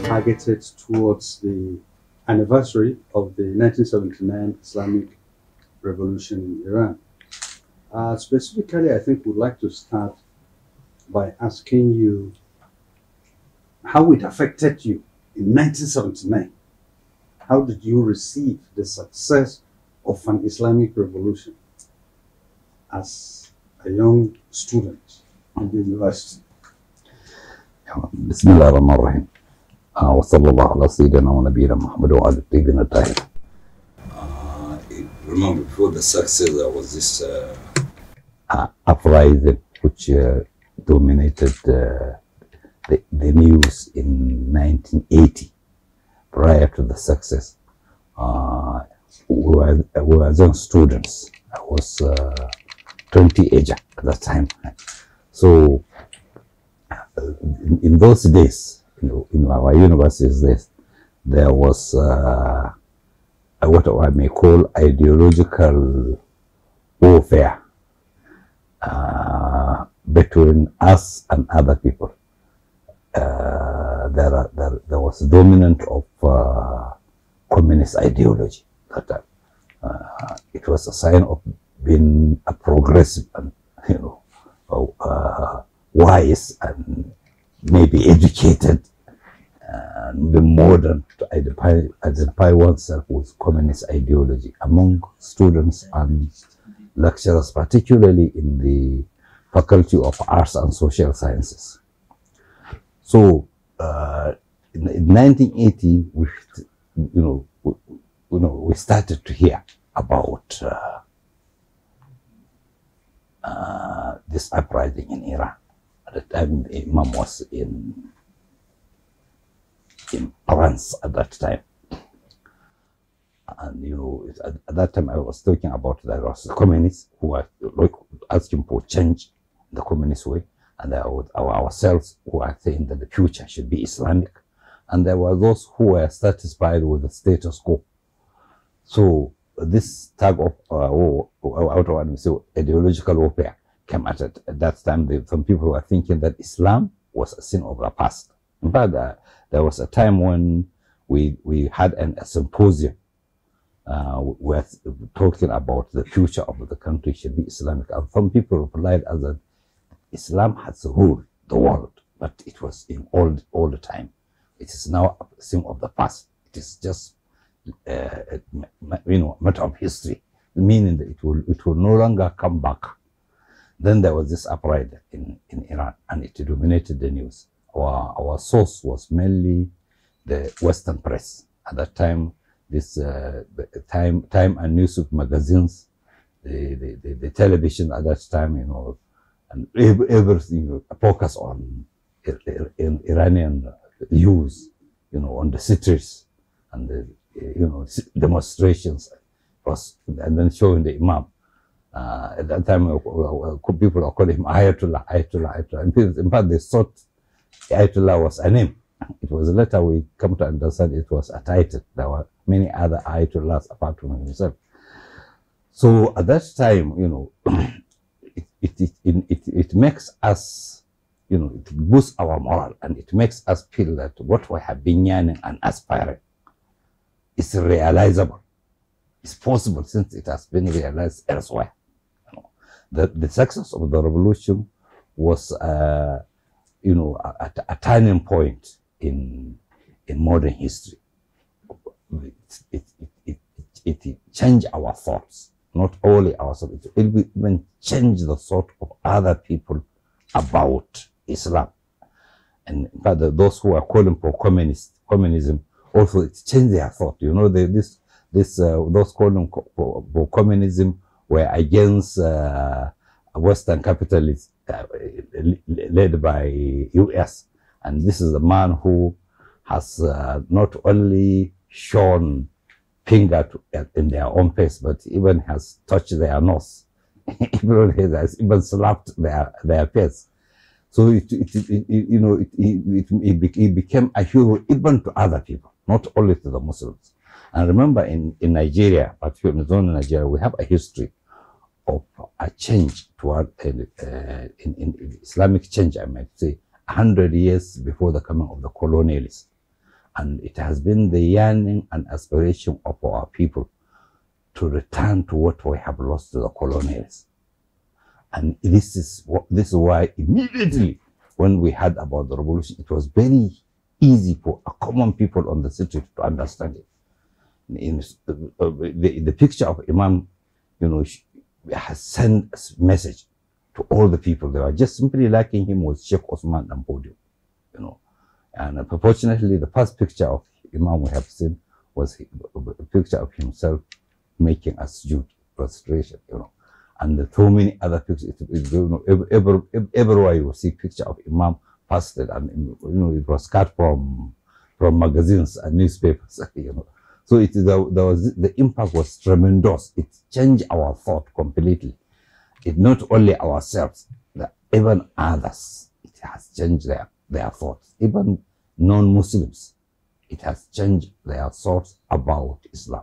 Targeted towards the anniversary of the 1979 Islamic Revolution in Iran. Uh, specifically, I think we'd like to start by asking you how it affected you in 1979. How did you receive the success of an Islamic revolution as a young student in the university. بسم الله الرحمن الرحيم وصلى الله على سيدنا ونبينا محمد وعلى طيبنا الطاهرين remember before the success there was this uh, uh, uprising which uh, dominated uh, the, the news in 1980 prior to the success ah, we were, we were then students. I was uh, 20 age at that time. So uh, in those days, you know, in our universities, days, there was uh, what I may call ideological warfare uh, between us and other people. Uh, there, are, there, there was dominant of uh, communist ideology. Qatar. Uh, it was a sign of being a progressive and, you know, uh, wise and maybe educated and modern to identify, identify oneself with communist ideology among students and lecturers, particularly in the Faculty of Arts and Social Sciences. So, uh, in, in 1980, we, you know, you know, we started to hear about uh, uh, this uprising in Iran. At the time, Imam was in in France at that time. And you know, at, that time I was talking about there was the communists who were asking for change in the communist way, and there were ourselves who are saying that the future should be Islamic, and there were those who were satisfied with the status quo so this tug of uh, uh out of ideological warfare came at it. At that time, the, some people were thinking that Islam was a sin of the past. In fact, uh, there was a time when we, we had an, a symposium uh, where talking about the future of the country should be Islamic. And some people replied as that Islam has ruled the world, but it was in all old time. It is now a sin of the past. It is just uh, you know, matter of history, meaning that it will, it will no longer come back. Then there was this uprising in, in Iran and it dominated the news. Our, our source was mainly the Western press. At that time, this uh, time, time and news of magazines, the, the, the, the, television at that time, you know, and everything you know, focus on Iranian news, you know, on the cities and the you know, demonstrations was and then showing the imam. Uh, at that time, uh, people were calling him Ayatollah, Ayatollah, Ayatollah. In fact, they thought Ayatollah was a name. It was later we come to understand it was a title. There were many other Ayatollahs apart from himself. So at that time, you know, it, it, it, it, it makes us, you know, it boosts our morale and it makes us feel that what we have been yearning and aspiring is realizable. It's possible since it has been realized elsewhere. The, the success of the revolution was, uh, you know, a turning point in, in modern history. It, it, it, it, it changed our thoughts, not only ourselves, it will even changed the thought of other people about Islam. And in fact, those who are calling for communist, communism also exchange their thought. You know, they, this, this, uh, those calling for communism were against uh, Western capitalism uh, led by U.S. And this is a man who has uh, not only shown finger to, in their own face, but even has touched their nose, even has even slapped their, their face. So it, it, it, it you know, it, it, became a hero even to other people, not only to the Muslims. And remember in, in Nigeria, particularly in the zone of Nigeria, we have a history of a change toward uh, uh, in, in Islamic change, I might say, 100 years before the coming of the colonialists. And it has been the yearning and aspiration of our people to return to what we have lost to the colonialists. And this is, this is why immediately when we heard about the revolution, it was very easy for common people on the street to understand it. In, uh, the, the picture of Imam, you know, has sent a message to all the people. They were just simply liking him was Sheikh Osman Dampodio, you know. And unfortunately, the first picture of Imam we have seen was a picture of himself making a suit prostration, you know and so many other pictures. It, it, you know, every, every, everywhere you see picture of Imam fasted, and you know it was cut from from magazines and newspapers. You know, so it was the impact was tremendous. It changed our thought completely. It not only ourselves, even others. It has changed their their thoughts. Even non-Muslims, it has changed their thoughts about Islam,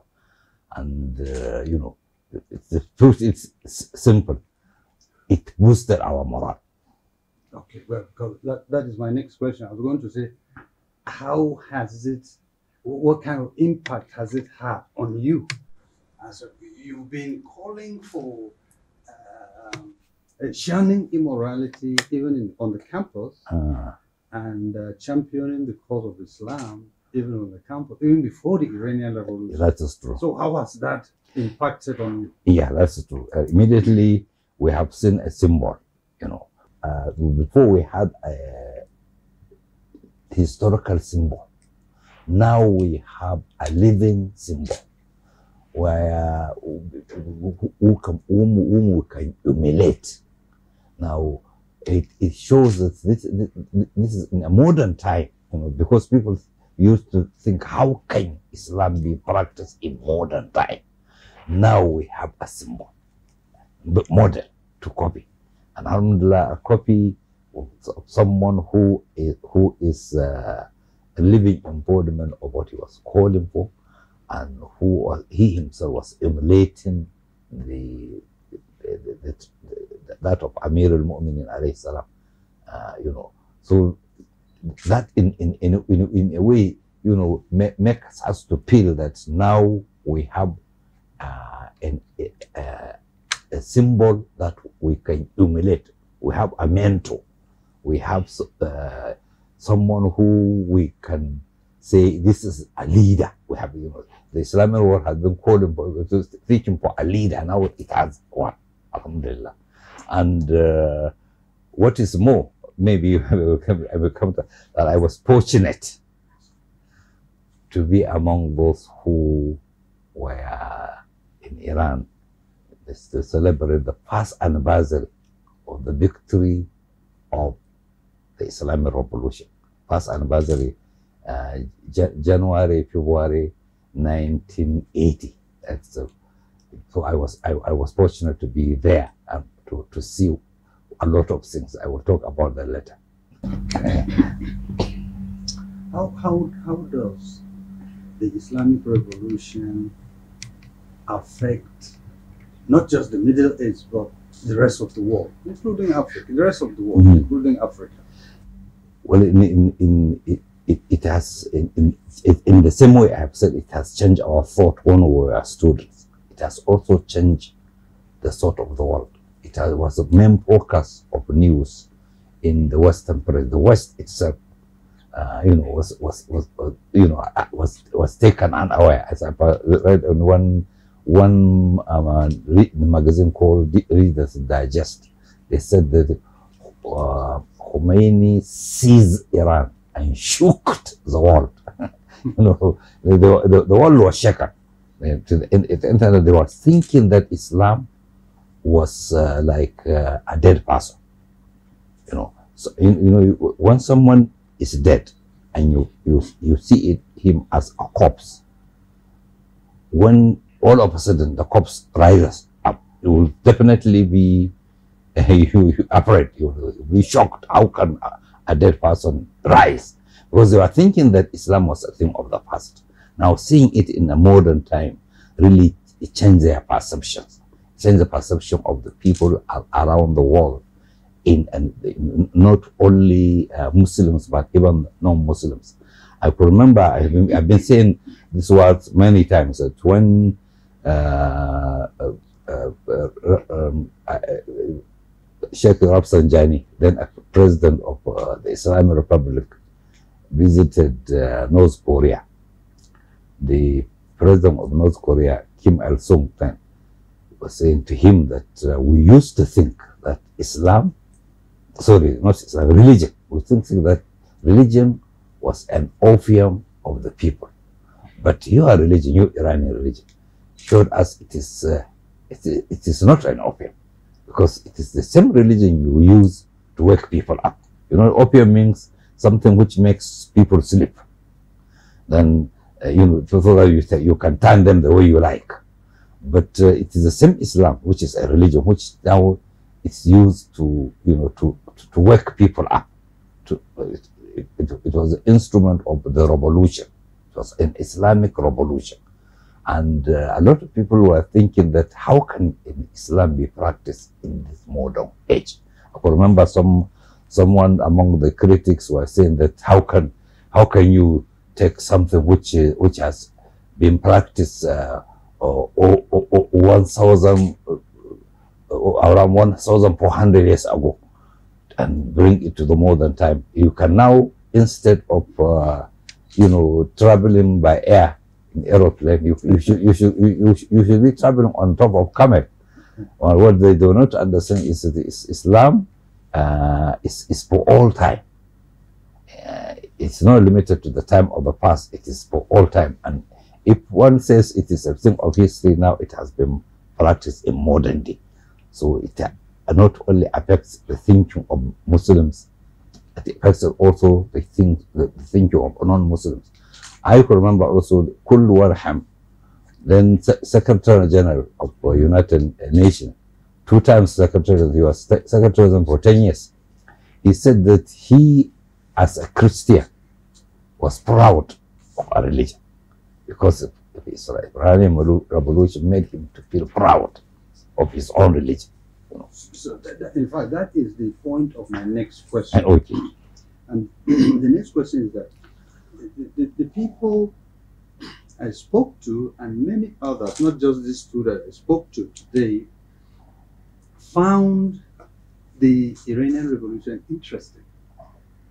and uh, you know it's the truth is simple. It boosted our morale. Okay, well, that, that is my next question. I was going to say, how has it, what kind of impact has it had on you? As a, you've been calling for uh, um, shunning immorality even in, on the campus uh. and uh, championing the cause of Islam even on the campus, even before the Iranian revolution. That is true. So how has that impacted on you. Yeah, that's true. Uh, immediately, we have seen a symbol, you know. Uh, before we had a historical symbol. Now we have a living symbol where can, whom, whom we can emulate. Now, it, it shows that this, this, this is in a modern time, you know, because people used to think, how can Islam be practiced in modern time? Now we have a symbol, model to copy. And Alhamdulillah, a copy of someone who is, who is uh, a living embodiment of what he was calling for and who was, he himself was emulating the, the, the, the that of Amir al-Mu'minin alayhi salam, uh, you know. So that in, in, in, in, in a way, you know, makes us to feel that now we have uh, an, a symbol that we can emulate. We have a mentor. We have uh, someone who we can say this is a leader. We have you know the Islamic world has been calling for teaching for a leader. Now it has one. Alhamdulillah. And uh, what is more, maybe I will come to that I was fortunate to be among those who were in Iran is to celebrate the first anniversary of the victory of the Islamic Revolution. First anniversary, uh, January, February 1980. so I was, I, I, was fortunate to be there and to, to see a lot of things. I will talk about that later. how, how, how does the Islamic Revolution affect not just the Middle East, but the rest of the world, including Africa, the rest of the world, mm -hmm. including Africa? Well, in, in, in it, it, it, has, in, in, in the same way I have said, it has changed our thought when we were students. It has also changed the thought of the world. It has, was the main focus of news in the Western press. The West itself, uh, you know, was, was, was, was, uh, you know, uh, was, was taken unaware. As I read on one one um, uh, magazine called Reader's Digest. They said that uh, Khomeini seized Iran and shook the world. you know, the, the, the, world was shaken. And uh, to the, end, the they were thinking that Islam was uh, like uh, a dead person. You know, so you, you know, you, when someone is dead and you you you see it, him as a corpse, when all of a sudden the corpse rises up. You will definitely be you, afraid. You will be shocked. How can a, a dead person rise? Because they were thinking that Islam was a thing of the past. Now seeing it in a modern time really it changed their perceptions, changed the perception of the people around the world. In, and not only uh, Muslims but even non-Muslims. I could remember I've been, I've been saying these words many times that when Sheikh Rafsanjani, then president of uh, the Islamic Republic, visited uh, North Korea. The president of North Korea, Kim Il-sung then, was saying to him that uh, we used to think that Islam, sorry, not Islam, religion, we think that religion was an opium of the people. But your religion, your Iranian religion, showed us it is, uh, it, it is not an opium because it is the same religion you use to wake people up. You know, opium means something which makes people sleep. Then, uh, you know, so that you, you can turn them the way you like. But uh, it is the same Islam, which is a religion, which now it's used to, you know, to, to, to wake people up. To, it, it, it was the instrument of the revolution. It was an Islamic revolution. And uh, a lot of people were thinking that how can Islam be practiced in this modern age? I could remember some someone among the critics were saying that how can how can you take something which uh, which has been practiced uh, or, or, uh, around one thousand four hundred years ago and bring it to the modern time? You can now instead of uh, you know traveling by air in aeroplane, you, you, should, you, should, you, you should be traveling on top of camel. Well, what they do not understand is that Islam uh, is, is for all time. Uh, it's not limited to the time of the past, it is for all time. And if one says it is a thing of history now, it has been practiced in modern day. So it uh, not only affects the thinking of Muslims, it affects also the, think, the thinking of non-Muslims. I could remember also Kul Warham, then Secretary General of the United Nations, two times Secretary, he was Secretary for 10 years. He said that he, as a Christian, was proud of our religion because of Israel. Iranian revolution made him to feel proud of his own religion. You know. So, that, that, in fact, that is the point of my next question. okay. And the next question is that the, the, people I spoke to and many others, not just these two that I spoke to today, found the Iranian revolution interesting.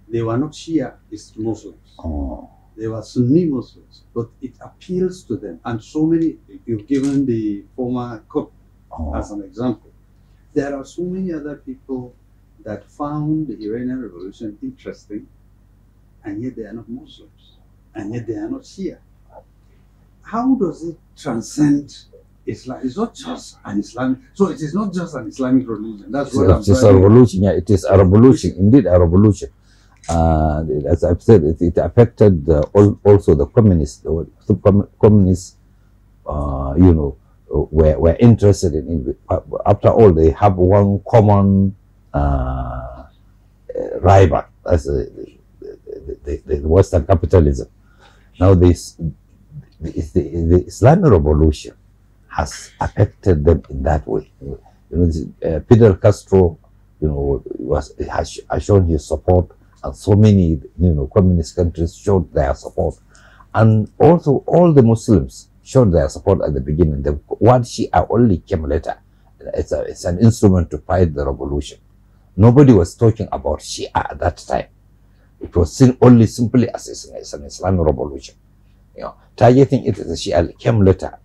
They were not Shia Muslims. Oh. They were Sunni Muslims, but it appeals to them. And so many, you've given the former cook oh. as an example. There are so many other people that found the Iranian revolution interesting and yet they are not Muslims, and yet they are not Shia. How does it transcend Islam? It's not just an Islamic, so it is not just an Islamic religion. That's it's what I'm saying. It is a revolution, yeah, it is a revolution, indeed a revolution. Uh, as I've said, it, it affected uh, all, also the communists, the communists, uh, you know, were, were interested in it. Uh, after all, they have one common uh, rival, as a, the, the Western capitalism. Now, this, the, the, Islamic revolution has affected them in that way. You know, uh, Fidel Castro, you know, was has, has shown his support, and so many, you know, communist countries showed their support, and also all the Muslims showed their support at the beginning. The one Shia only came later. It's, a, it's an instrument to fight the revolution. Nobody was talking about Shia at that time. It was only simply as an Islamic revolution. You know, targeting it as a Shia came later.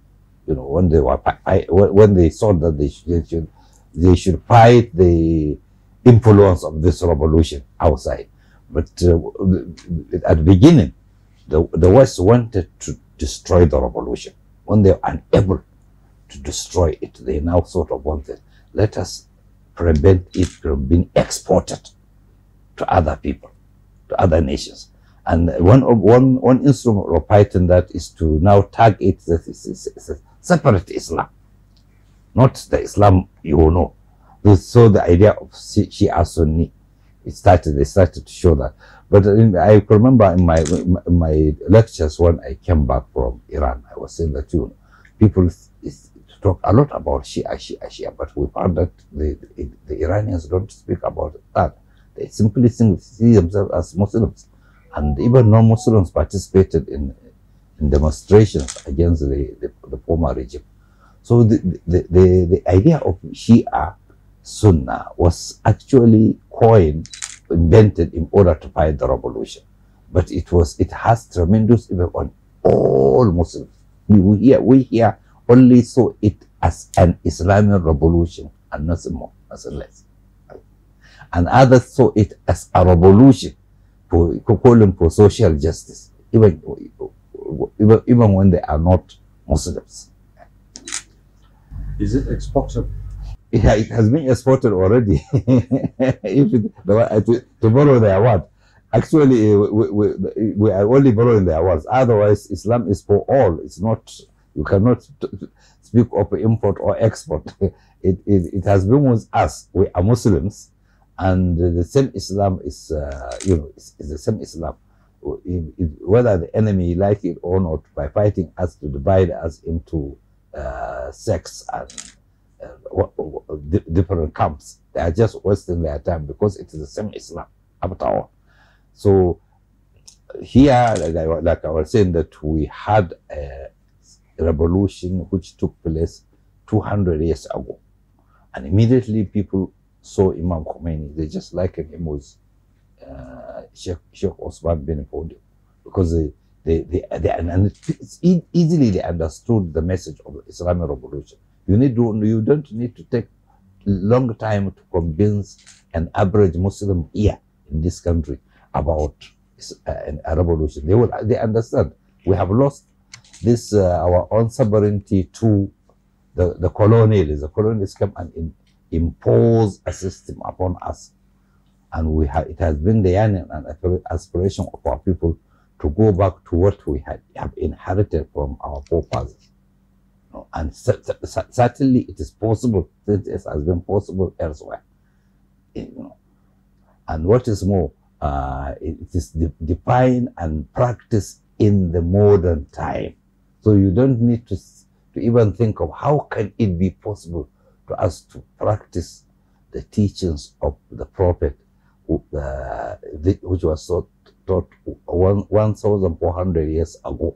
You know, when they were I, when they saw that they should, they should they should fight the influence of this revolution outside. But uh, at the beginning, the, the West wanted to destroy the revolution. When they were unable to destroy it, they now thought of wanted Let us prevent it from being exported to other people to other nations. And one, of, one, one instrument of Python that is to now tag it that separate Islam, not the Islam you know. So the idea of Shia Sunni, it started, they started to show that. But in, I remember in my, in my lectures when I came back from Iran, I was saying that, you know, people talk a lot about Shia, Shia, Shia, but we found that the, the Iranians don't speak about that. They simply see themselves as Muslims. And even non-Muslims participated in, in, demonstrations against the, the, the former regime. So the, the, the, the, idea of Shia Sunnah was actually coined, invented in order to fight the revolution. But it was, it has tremendous effect on all Muslims. We hear, we hear only saw it as an Islamic revolution and nothing more, nothing less and others saw it as a revolution for calling for social justice, even, even, even when they are not Muslims. Is it exportable? Yeah, it has been exported already. if it, to, to borrow the award. Actually, eh, we, we, we are only borrowing the awards. Otherwise, Islam is for all. It's not, you cannot speak of import or export. It, it, it has been with us. We are Muslims and the same Islam is, uh, you know, is, is, the same Islam. Whether the enemy like it or not, by fighting us to divide us into uh, sects and uh, different camps, they are just wasting their time because it is the same Islam after all. So here, like, like I was saying, that we had a revolution which took place 200 years ago, and immediately people saw Imam Khomeini, they just likened him with uh, Sheikh, Sheikh Osman bin Fodio because they, they, they, they and easily they understood the message of the Islamic revolution. You need you don't need to take long time to convince an average Muslim here in this country about uh, a revolution. They will, they understand. We have lost this uh, our own sovereignty to the, the colonialists. The colonialists come and in, impose a system upon us. And we have, it has been the yearning and aspiration of our people to go back to what we had, have inherited from our forefathers. and certainly it is possible, This has been possible elsewhere. And what is more, uh, it is de defined and practiced in the modern time. So you don't need to, to even think of how can it be possible to us to practice the teachings of the prophet uh, which was taught, taught 1,400 years ago,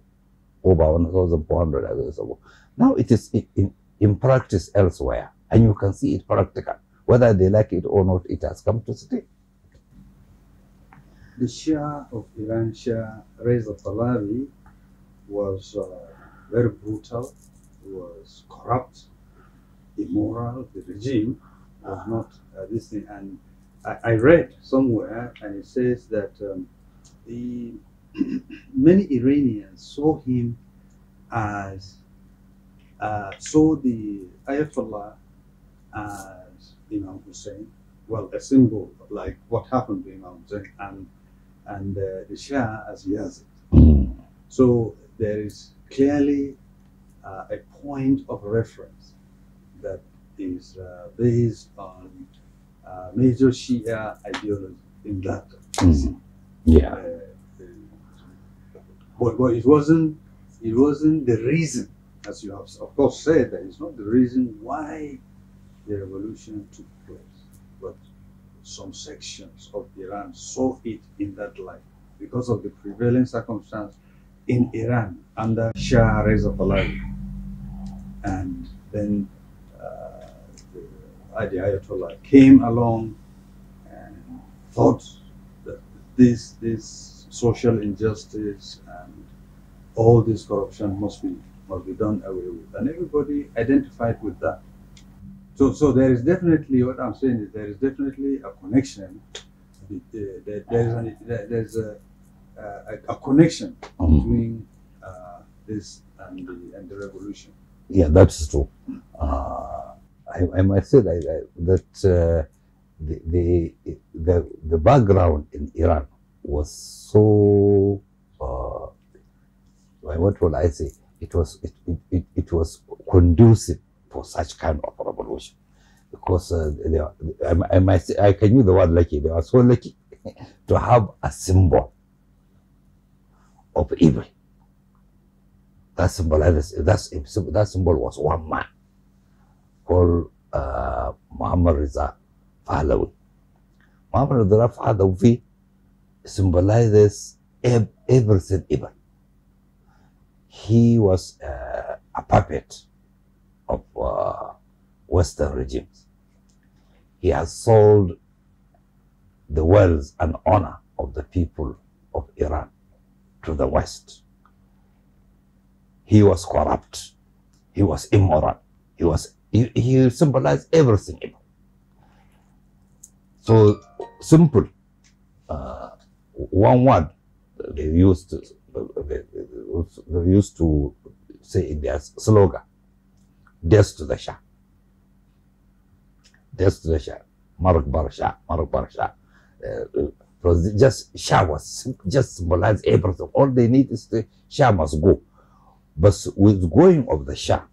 over 1,400 years ago. Now it is in, in, in, practice elsewhere, and you can see it practical. Whether they like it or not, it has come to stay. The Shia of Iran, Shia Reza Pahlavi, was uh, very brutal, was corrupt, immoral. The regime was not uh, this thing. And I, I, read somewhere, and it says that um, the many Iranians saw him as uh, saw the Ayatollah as Imam Hussein, well, a symbol of like what happened to Imam Hussein, and and uh, the Shah as Yazid. So there is clearly uh, a point of reference that is uh, based on uh, major Shia ideology in that. Mm. Yeah. Uh, uh, but, but it wasn't it wasn't the reason, as you have of course said, that it's not the reason why the revolution took place, but some sections of Iran saw it in that light because of the prevailing circumstance in Iran under Shah Reza Pahlavi. And then the Ayatollah came along and thought that this, this social injustice and all this corruption must be, must be done away with. And everybody identified with that. So, so there is definitely, what I'm saying is there is definitely a connection. there, there is, an, there, there is a, a, a, connection hmm. between uh, this and the, and the revolution. Yeah, that's true. Uh, I, I must say that, that uh, the, the, the, the background in Iran was so, uh, what will I say, it was, it, it, it, it, was conducive for such kind of revolution. Because uh, they are, I, I, might say, I can use the word lucky, they were so lucky to have a symbol of evil. That symbol that symbol was one man called uh, Muhammad Riza Pahlavi. Muhammad Riza Pahlavi symbolizes everything evil. He was uh, a puppet of uh, Western regimes. He has sold the wealth and honor of the people of Iran to the West. He was corrupt. He was immoral. He was he, he symbolized everything. So simple, uh, one word they used to, they used to say in their slogan, death to the Shah. Death to the Shah. Mark Bar Shah, Mark Bar Shah. Uh, uh just Shah was, just symbolized everything. All they need is the Shah must go. But with going of the Shah,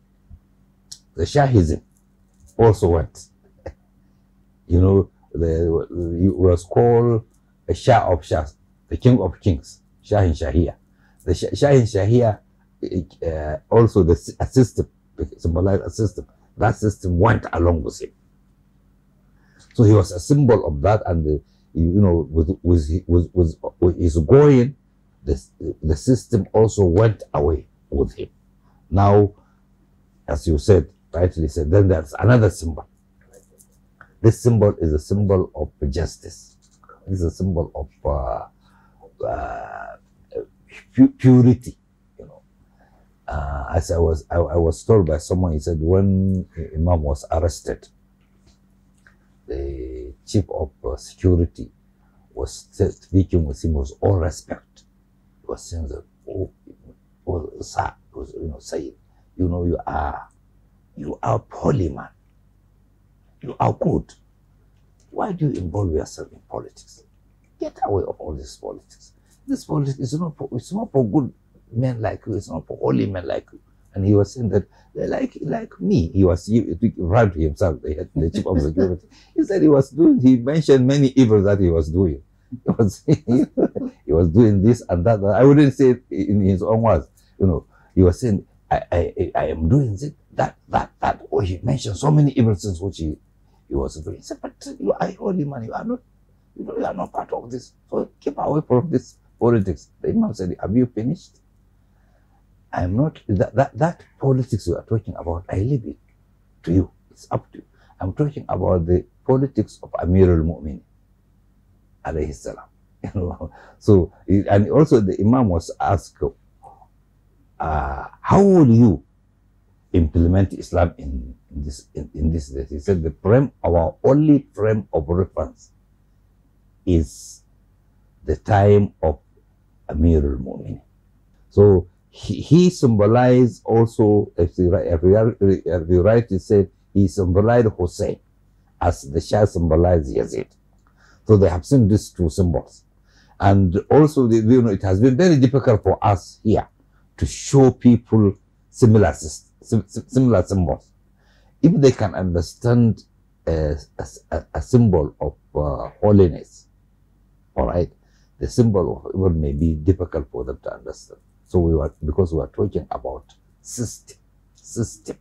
the Shahism also what? you know, the, was called a Shah of Shahs, the King of Kings, Shahin Shahia. The Sh Shahin Shahia, uh, also the a system, symbolized a system. That system went along with him. So he was a symbol of that, and the, uh, you know, with with with, with, with his going, the the system also went away with him. Now, as you said, rightly said, then there's another symbol. This symbol is a symbol of justice. It's a symbol of uh, uh, purity. You know, uh, as I was, I, I, was told by someone. He said when Imam was arrested, the chief of uh, security was speaking with him with all respect. He was saying that, "Oh, sir, was, you know, Sayyid, you know, you are." You are holy man. You are good. Why do you involve yourself in politics? Get away of all this politics. This politics is not for, it's not for good men like you. It's not for holy men like you. And he was saying that, like like me, he was proud to himself, the, the chief of security. he said he was doing, he mentioned many evils that he was doing. He was, he was doing this and that. I wouldn't say it in his own words. You know, he was saying, I, I, I am doing this, that, that, that. Oh, he mentioned so many evil things which he, he was doing. He said, but you are holy man. You are not, you know, you are not part of this. So keep away from this politics. The Imam said, have you finished? I am not, that, that, that politics you are talking about, I leave it to you. It's up to you. I'm talking about the politics of Amir al-Mu'min, alayhi salam. You know, so, and also the Imam was asked, uh, how will you implement Islam in, in this in, in this. He said the frame, our only frame of reference is the time of Amir al-Mu'minin. So he, he, symbolized also, if the, if the, said, he symbolized Hussein as the Shah symbolized Yazid. So they have seen these two symbols. And also, the, you know, it has been very difficult for us here to show people similar systems similar symbols. If they can understand a, a, a symbol of uh, holiness, all right, the symbol of evil may be difficult for them to understand. So we were, because we are talking about system, system.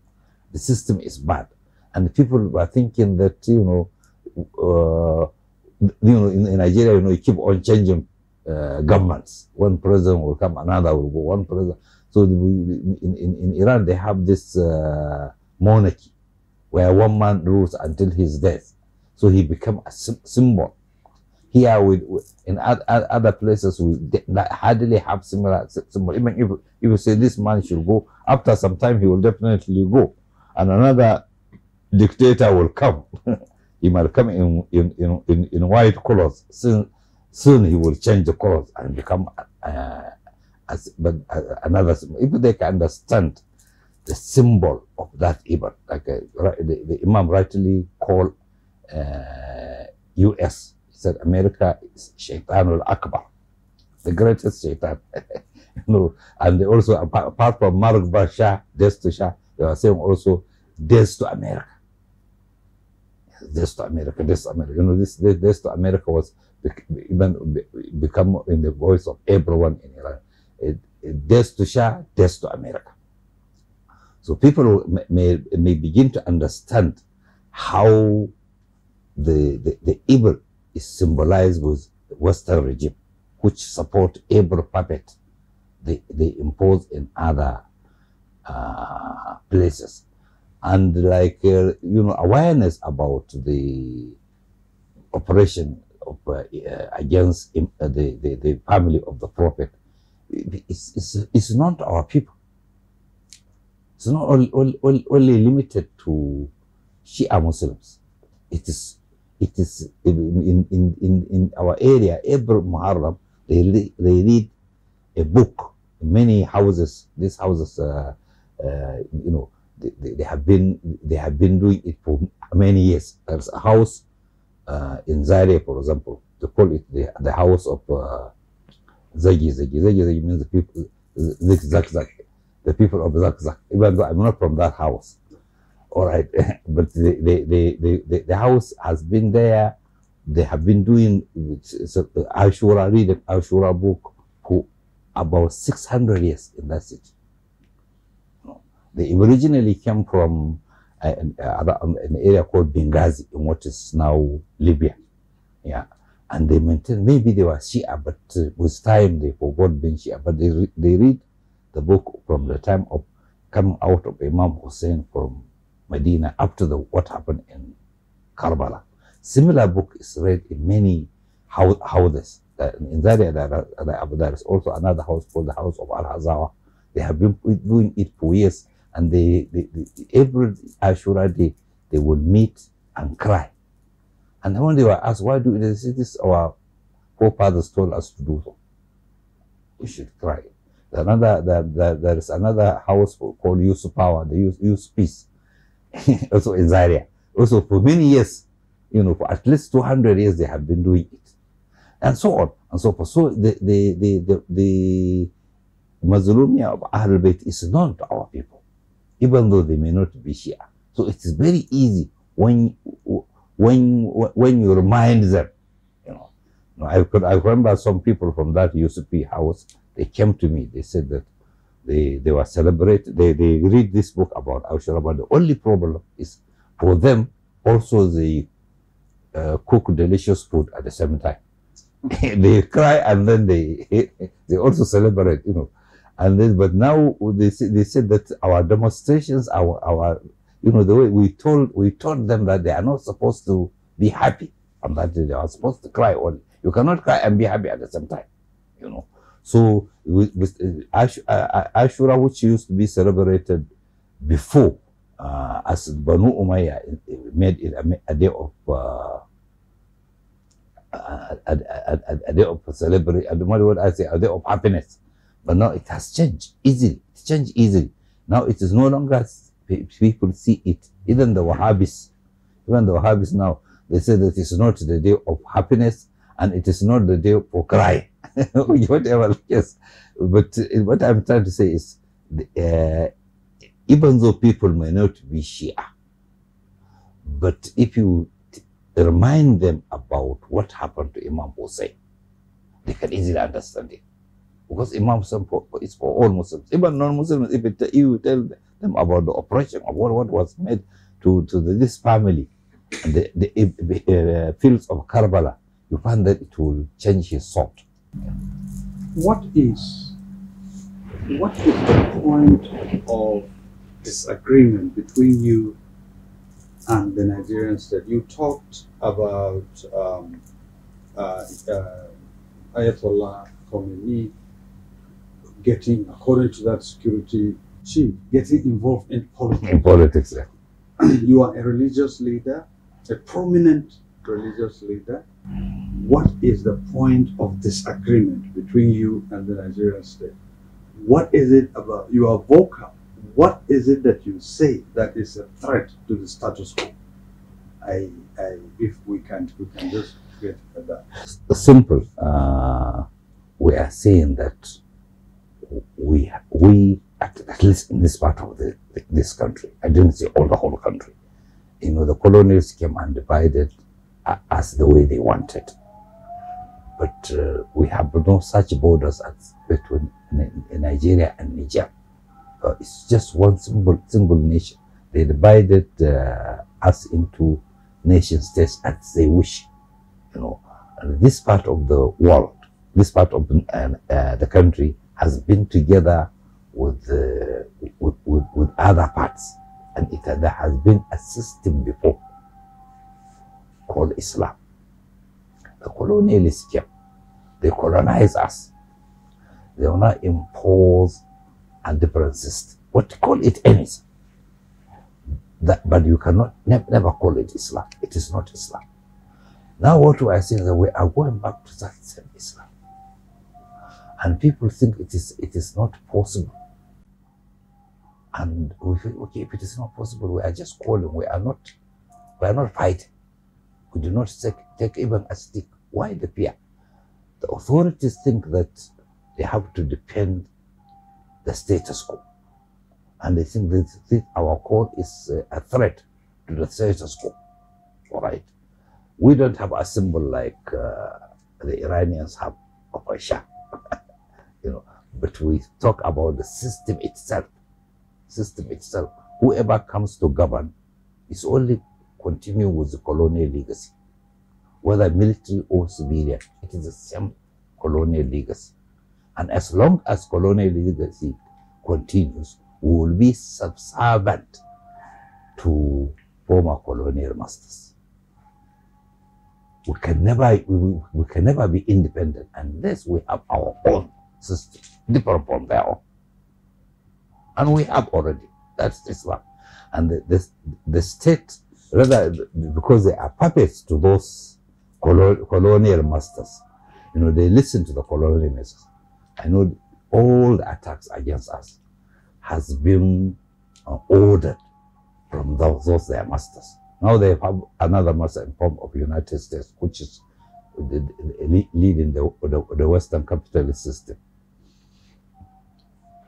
The system is bad. And people were thinking that, you know, uh, you know, in, in, Nigeria, you know, you keep on changing uh, governments. One president will come, another will go, one president. So the, in, in, in Iran, they have this uh, monarchy where one man rules until his death. So he become a symbol. Here, we in other places, we hardly have similar symbol. Even if, if you say this man should go, after some time, he will definitely go. And another dictator will come. he might come in, in, in, in, in white colors. Soon, soon he will change the colors and become uh, as but uh, another if they can understand the symbol of that event, like uh, the, the, Imam rightly called uh, U.S. He said America is Shaitanul Akbar, the greatest Shaitan. you know, and they also apart, apart from Mark Bashar, death to Shah, they were saying also death to America. Death to America, death to America. You know, this death to America was even become in the voice of everyone in Iran death to Shah, death to America. So people may, may begin to understand how the, the, the evil is symbolized with the Western regime, which support evil puppet they, they impose in other uh, places. And like, uh, you know, awareness about the operation of, uh, against uh, the, the, the family of the prophet it's, it's, it's not our people. It's not all, all, all, only limited to Shia Muslims. It is, it is in, in, in, in our area, every Muharram, they, they read a book. many houses, these houses, uh, uh, you know, they, they, have been they have been doing it for many years. There's a house uh, in Zaire, for example, they call it the, the house of uh, Zagi, Zagi, Zagi, Zagi means the people, Zig, Zag, the people of Zak, Zak, even though I'm not from that house. All right, but the, the, the, the, the house has been there. They have been doing Ashura, uh, read an Ashura book for about 600 years in that city. They originally came from uh, an, uh, an area called Benghazi in what is now Libya. Yeah, and they maintain, maybe they were Shia, but uh, with time they forgot being Shia, but they, re they read the book from the time of coming out of Imam Hussein from Medina up to the, what happened in Karbala. Similar book is read in many houses. In Zaria, there, there is also another house called the House of Al-Hazawa. They have been doing it for years, and they, they, they every Ashura day, they would meet and cry and when they were asked, why do they say this our forefathers told us to do so? We should cry. Another, there, there, there is another house called Use Power, the use Yusuf Peace, also in Zaria. Also for many years, you know, for at least 200 years they have been doing it. And so on and so forth. So the, the, the, the, the Mazlumia of Ahlul Bayt is known to our people, even though they may not be Shia. So it is very easy when when, when you remind them. You know, I, could, I remember some people from that UCP house, they came to me, they said that they, they were celebrating. they, they read this book about Ausharaba. The only problem is for them, also they uh, cook delicious food at the same time. they cry and then they they also celebrate, you know. And then, but now they, they said that our demonstrations, our our you know, the way we told, we told them that they are not supposed to be happy and that they are supposed to cry only. You cannot cry and be happy at the same time, you know. So with, with uh, Ash, uh, uh, Ashura, which used to be celebrated before, uh, as Banu Umayyah made it a, day of uh, a, a, a, a, day of celebration. I do what I say, a day of happiness. But now it has changed easily. It's changed easily. Now it is no longer we could see it. Even the Wahhabis, even the Wahhabis now, they say that it's not the day of happiness and it is not the day for cry. Whatever, yes. But uh, what I'm trying to say is, uh, even though people may not be Shia, but if you remind them about what happened to Imam Hussein, they can easily understand it. Because Imam for, is for all Muslims. Even non-Muslims, if it, you tell them about the oppression of what, what was made to, to the, this family, the, the uh, fields of Karbala, you find that it will change his thought. What is, what is the point of disagreement between you and the Nigerians that you talked about um, uh, uh, Ayatollah Khomeini getting, according to that security chief, getting involved in politics. In politics, yeah. you are a religious leader, a prominent religious leader. What is the point of disagreement between you and the Nigerian state? What is it about? You are vocal. What is it that you say that is a threat to the status quo? I, I, if we can't, we can just get that. Simple. Uh, we are saying that we, we at, at, least in this part of the, this country, I didn't say all the whole country, you know, the colonies came and divided uh, as the way they wanted. But uh, we have no such borders as between Nigeria and Niger. Uh, it's just one single, single nation. They divided uh, us into nation states as they wish. You know, and this part of the world, this part of uh, uh, the country has been together with, uh, with, with, with, other parts. And it, there has been a system before called Islam. The colonialists came. They colonize us. They will not impose a different system. What call it anything. That, but you cannot ne never call it Islam. It is not Islam. Now what do I say that we are going back to that same and people think it is, it is not possible. And we feel, okay, if it is not possible, we are just calling. We are not, we are not fighting. We do not take, take even a stick. Why the fear? The authorities think that they have to defend the status quo. And they think that our call is uh, a threat to the status quo. All right. We don't have a symbol like uh, the Iranians have of a Shah you know, but we talk about the system itself. System itself. Whoever comes to govern is only continuing with the colonial legacy, whether military or civilian. It is the same colonial legacy. And as long as colonial legacy continues, we will be subservient to former colonial masters. We can never, we, we can never be independent unless we have our own differ from their own. And we have already. That's Islam. And the, the, the state, rather, because they are puppets to those colonial masters, you know, they listen to the colonial masters. I know all the attacks against us has been uh, ordered from those, those their masters. Now they have another master in form of United States, which is leading the, the, the Western capitalist system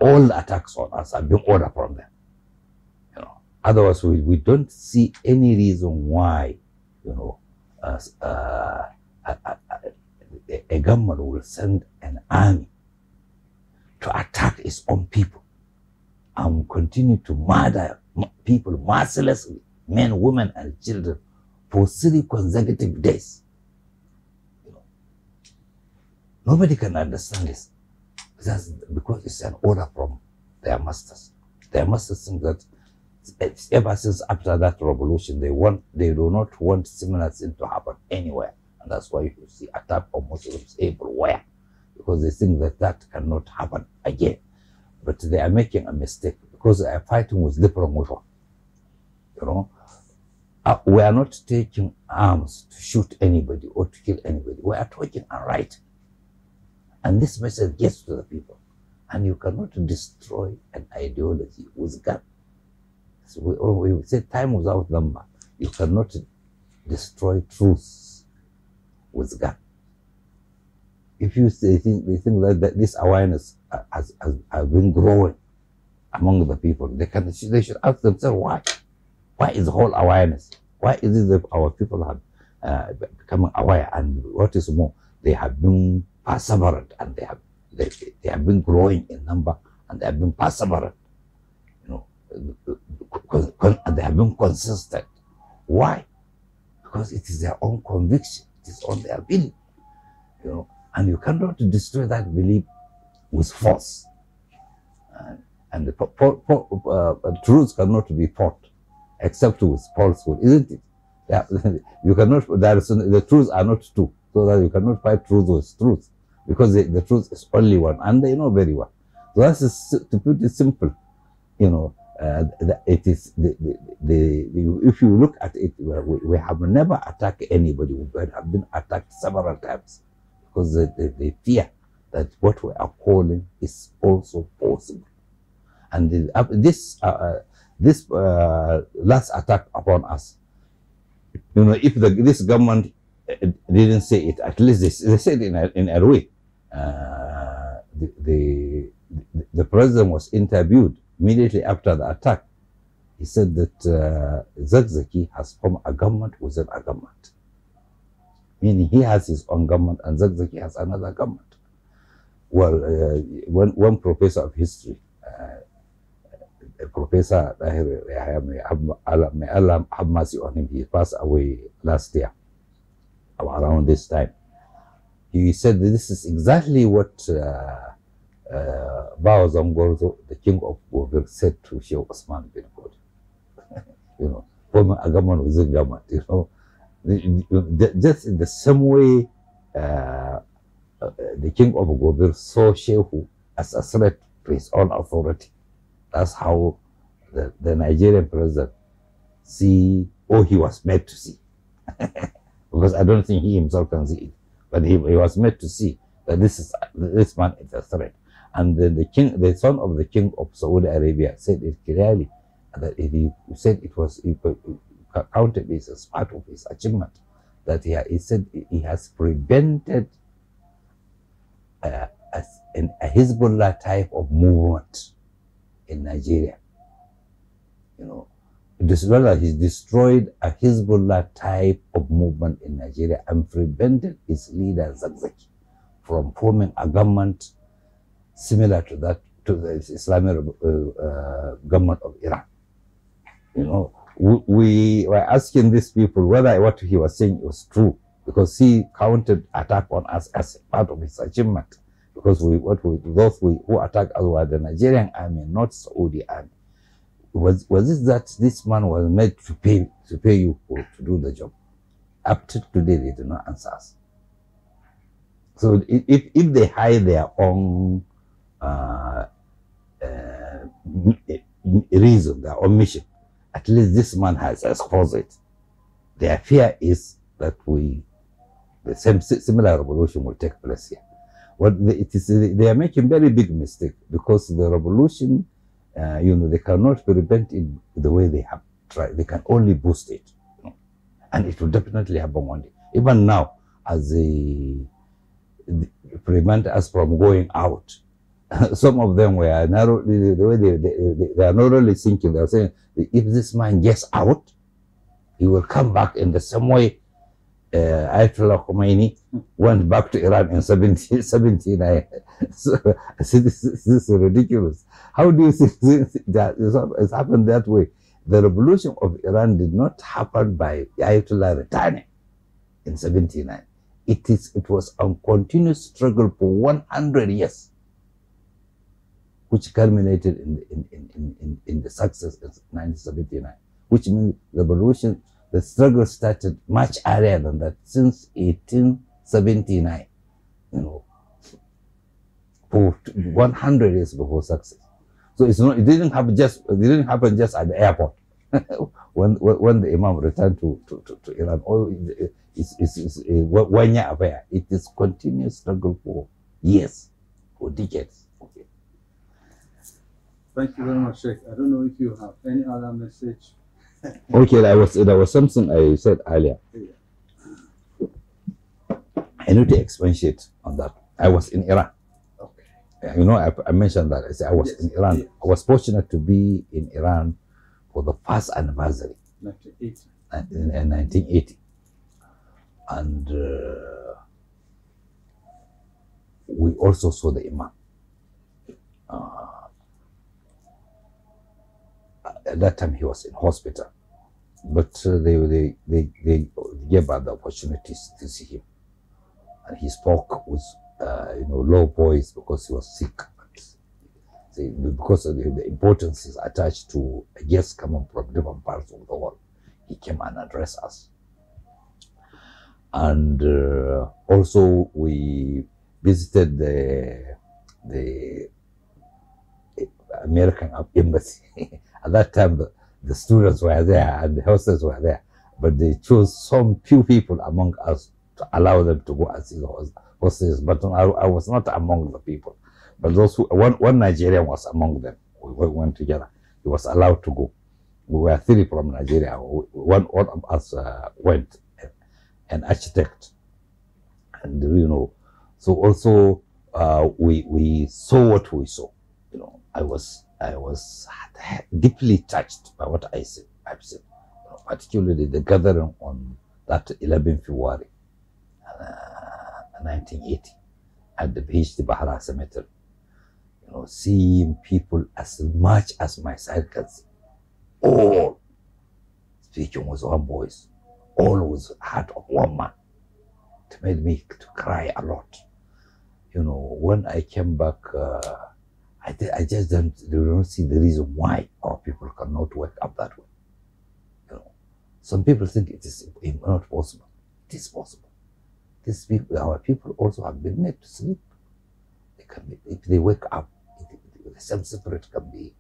all attacks on us have been ordered from them. You know, otherwise we, we don't see any reason why, you know, uh, uh, a, a, a government will send an army to attack its own people and continue to murder people mercilessly, men, women, and children, for three consecutive days. You know, nobody can understand this. That's because it's an order from their masters. Their masters think that ever since after that revolution, they want they do not want similar things to happen anywhere. And that's why you see attack on Muslims everywhere, because they think that that cannot happen again. But they are making a mistake because they are fighting with liberal movement. You know, uh, we are not taking arms to shoot anybody or to kill anybody. We are talking a right. And this message gets to the people. And you cannot destroy an ideology with gun. So oh, we, say time without number. You cannot destroy truth with gun. If you say, think, they think that, that this awareness has, has, has been growing among the people, they, can, they should ask themselves why. Why is the whole awareness? Why is it that our people have uh, become aware? And what is more, they have been are perseverant and they have, they, they have been growing in number and they have been perseverant, you know, and they have been consistent. Why? Because it is their own conviction, it is on their belief, you know, and you cannot destroy that belief with force. And, and the po, po uh, truth cannot be fought except with falsehood, isn't it? Yeah, you cannot, there is, the truths are not two so that you cannot fight truth with truth because the, the truth is only one and they know very well. So that's to put it simple, you know, uh, it is the, the, the, if you look at it, we, we have never attacked anybody. We have been attacked several times because they they fear that what we are calling is also possible. And the, uh, this, uh, uh this uh, last attack upon us, you know, if the, this government didn't say it. At least they, they said in in a way. Uh, the, the, the president was interviewed immediately after the attack. He said that uh, Zakzaki has formed a government within a government, meaning he has his own government and Zakzaki has another government. Well, uh, one, one professor of history, uh, Professor Dahir have mercy on him, he passed away last year around this time. He said this is exactly what uh, uh Bao Zongorzo, the king of Gobir, said to Sheikh Osman bin Gode. you know, former a government was a government, you know. Just in the same way uh, uh the king of Gobir saw Shehu as a threat to his own authority. That's how the, the Nigerian president see, or he was made to see. because I don't think he himself can see it. But he, he was made to see that this is this man is a threat. And then the king, the son of the king of Saudi Arabia said it clearly that he said it was counted as part of his achievement that he, he said he has prevented uh, a, a Hezbollah type of movement in Nigeria. You know, rather uh, he destroyed a Hezbollah type of movement in Nigeria and prevented its leader Zakzaki from forming a government similar to that to the Islamic uh, uh, government of Iran. You know, we, we were asking these people whether what he was saying was true because he counted attack on us as part of his achievement because we, what we, those we, who attacked us were the Nigerian army, not Saudi army was, was it that this man was made to pay, to pay you for, to do the job? Up to today, they do not answer us. So if, if they hide their own uh, uh, reason, their own mission, at least this man has exposed it. Their fear is that we, the same similar revolution will take place here. What well, it is, they are making very big mistake because the revolution uh, you know, they cannot prevent it the way they have tried. They can only boost it. You know? And it will definitely happen one day. Even now, as they, prevent us from going out, some of them were narrowly, the way they, they, they, they are narrowly thinking, they are saying, if this man gets out, he will come back in the same way uh, Ayatollah Khomeini went back to Iran in 1979. so, this, this, is ridiculous. How do you think that it's happened that way? The revolution of Iran did not happen by Ayatollah returning in 79. It, is, it was a continuous struggle for 100 years, which culminated in, in, in, in, in the success of 1979, which means the revolution the struggle started much earlier than that, since 1879, you know, for 100 years before success. So it's not, it didn't happen just, it didn't happen just at the airport. when, when the Imam returned to, to, to, to Iran, all oh, it's, it's, it's uh, one year It is continuous struggle for years, for decades. Okay. Thank you very much, Sheikh. I don't know if you have any other message okay, that was that was something I said earlier. I need to explain it on that. I was in Iran. Okay. You know, I, I mentioned that. I said I was yes. in Iran. Yes. I was fortunate to be in Iran for the first anniversary. 1980. In, in 1980. And uh, we also saw the Imam. Uh, at that time he was in hospital, but uh, they, they, they, they gave us the opportunities to see him. And he spoke with, uh, you know, low voice because he was sick. They, because the, the, importance is attached to a guest coming from different parts of the world, he came and addressed us. And uh, also we visited the, the American embassy At that time, the, the students were there and the horses were there, but they chose some few people among us to allow them to go and see the horses. But I, I, was not among the people. But those who, one, one Nigerian was among them. We went together. He was allowed to go. We were three from Nigeria. One, one of us uh, went, uh, an architect. And, you know, so also uh, we, we saw what we saw. You know, I was I was deeply touched by what I said, I've said, particularly the gathering on that 11 February uh, 1980 at the PhD Bahra Cemetery. You know, seeing people as much as my circles, all speaking with one voice, all with heart of one man. It made me to cry a lot. You know, when I came back. Uh, I, I just don't, don't see the reason why our people cannot wake up that way. You know, some people think it is not possible. It is possible. These people, our people also have been made to sleep. They can be, if they wake up, the same spirit can be,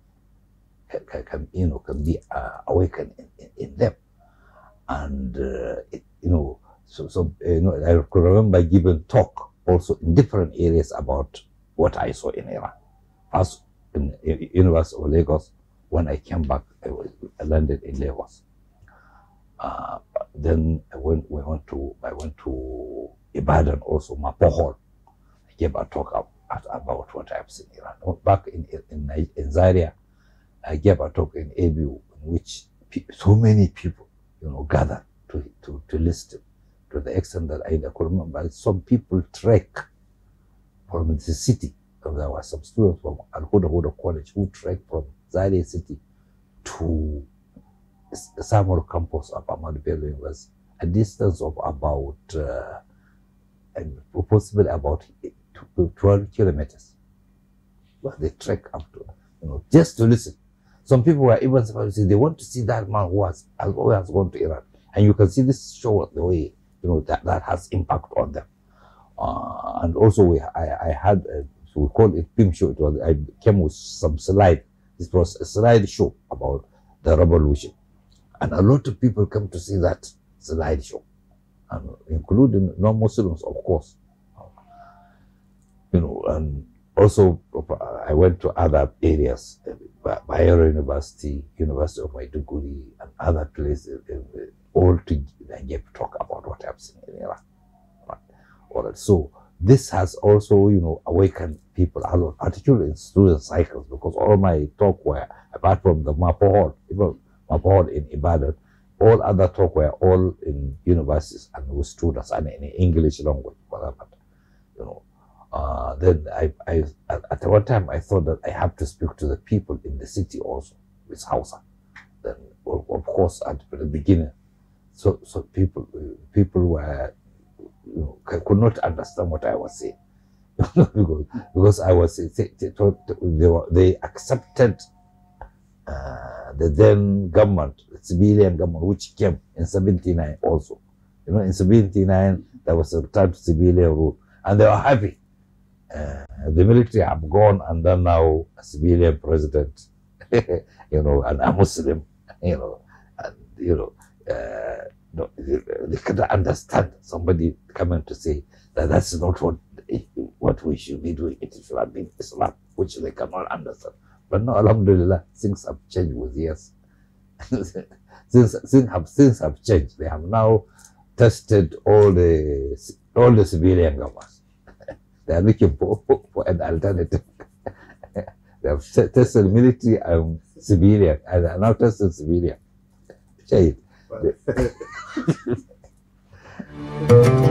can, can, you know, can be uh, awakened in, in, in, them. And, uh, it, you know, so, so you know, I remember giving talk also in different areas about what I saw in Iran us in, in University of Lagos. When I came back, I, was, I landed in Lagos. Uh, then I went, we went to, I went to Ibadan also, Mapohol. I gave a talk up at, about what I've seen in Iran. Back in, in, in Zaria, I gave a talk in ABU in which so many people, you know, gathered to, to, to listen to the extent that I, I could remember. Some people trek from the city there were some students from Alhuda Huda College who trek from Zaire City to Samur campus of Ahmad Bello University, a distance of about, uh, and possibly about 12 kilometers. But they trek up to, you know, just to listen. Some people were even supposed to say they want to see that man who has, who has gone to Iran. And you can see this show the way, you know, that, that has impact on them. Uh, and also we, I, I had a, uh, we call it film show. It was I came with some slide. It was a slideshow about the revolution, and a lot of people come to see that slide and including non-Muslims, of course. You know, and also I went to other areas, uh, Bayer University, University of Maiduguri, and other places, uh, uh, all to give talk about what happens in Iraq. Right. So this has also, you know, awakened people, particularly in student cycles, because all my talk were, apart from the Mapohol, even Mapohol in Ibadan, all other talk were all in universities and with students and in English language, whatever. You know, uh, then I, I, at one time I thought that I have to speak to the people in the city also, with Hausa. Then, of course, at the beginning, so, so people, people were you could not understand what I was saying. because, because, I was they, they, were, they accepted uh, the then government, the civilian government, which came in 79 also. You know, in 79, there was a time civilian rule, and they were happy. Uh, the military have gone, and then now a civilian president, you know, and a Muslim, you know, and, you know, uh, they cannot understand somebody coming to say that that's not what what we should be doing. It should have been Islam, which they cannot understand. But no, Alhamdulillah, things have changed with years. things, things, have, things have changed. They have now tested all the all the civilian governments. they are looking for, for an alternative. they have tested military and civilian, and now tested civilian. Shahid. で